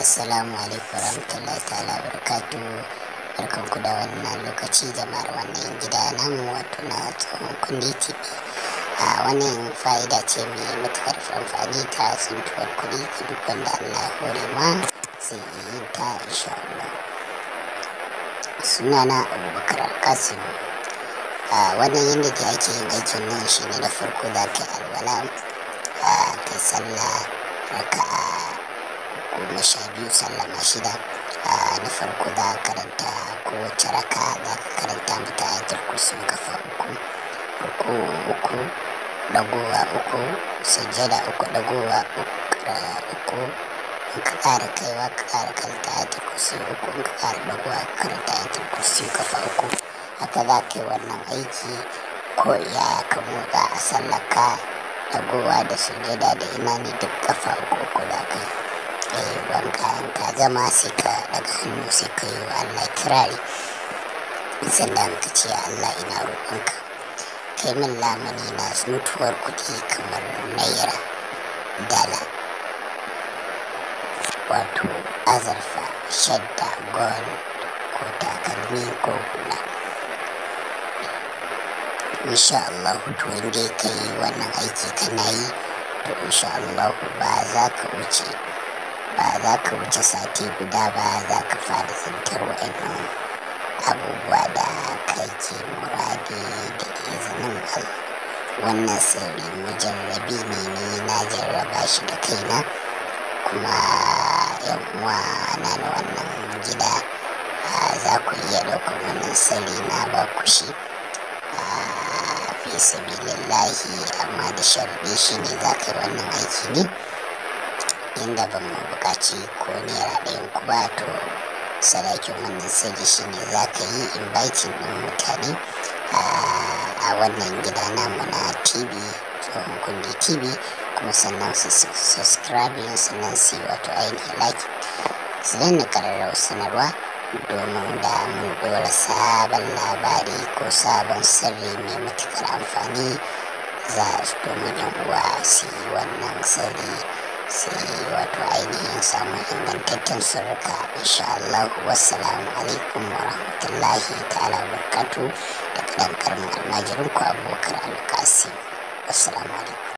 assalamu alaikum warahmatullahi ta'ala barakatu barkan ku da wannan lokaci jama'ar wannan gida namu wato na tsohon kundi tv a wannan fa'ida ce mai matukar amfani ta tsintuwar kuɗi duk wanda allah hore ma sai yi ta insha Allah na abubakar alkasim a wannan yadda da ake yin aikin nan shi ne da farko za ka yi alwala ka yi sallah raka'a goma sha biyu sallama na shida na farko za ka karanta kowace raka za ka karanta mata ayatul kursi kafa uku uku uku dagowa uku sajjada uku dagowa eh, uku in ka ƙara kaiwa ka ƙara karanta ayatul kursi uku in ka ƙara dagowa ka karanta ayatul kursi kafa uku haka za ka yi wannan aiki ko ya ka motsa a sallaka dagowa da sajjada da imani duk kafa uku uku za ka yi ka yi wanka ka gama sai ka daga hannu sai ka yi wa Allah kirari sannan ka ce Allah ina roƙonka kai min lamuni na mutuwar kuɗi kamar naira dala wato azarfa shadda gold ko takalmi ko hula insha Allah to wanda ka yi wannan aiki kana yi to insha Allah ba za ka wuce ba za ka wuce sati guda ba za ka fara zantar wa'annan abubuwa da ke, muradi da izinin Allah wannan sirri mujarrabi ne ni na jarraba shi da kaina kuma yan uwa na da wannan gida za ku iya ɗaukar wannan sirri na ba ku shi fi sabilillahi amma da sharbe shi ne za ka yi wannan aiki ne inda ba mu buƙaci ko naira ɗayan ku ba to sadakin wannan sirri shine za ka yi inviting ɗin mutane a wannan gida namu na tv tsohon kundi tv kuma sannan su yin sannan su yi wato ainihin like su danna ƙararrawar sanarwa domin da mun ɗora sabon labari ko sabon sirri mai matuƙar amfani za domin yan uwa su yi wannan sirri sai wato ainihin samun ingantaccen surruka insha Allah wassalamu alaikum wa rahmatullahi ta'ala barkatu da kadan karmin almajirin ku abokan alkasi wassalamu alaikum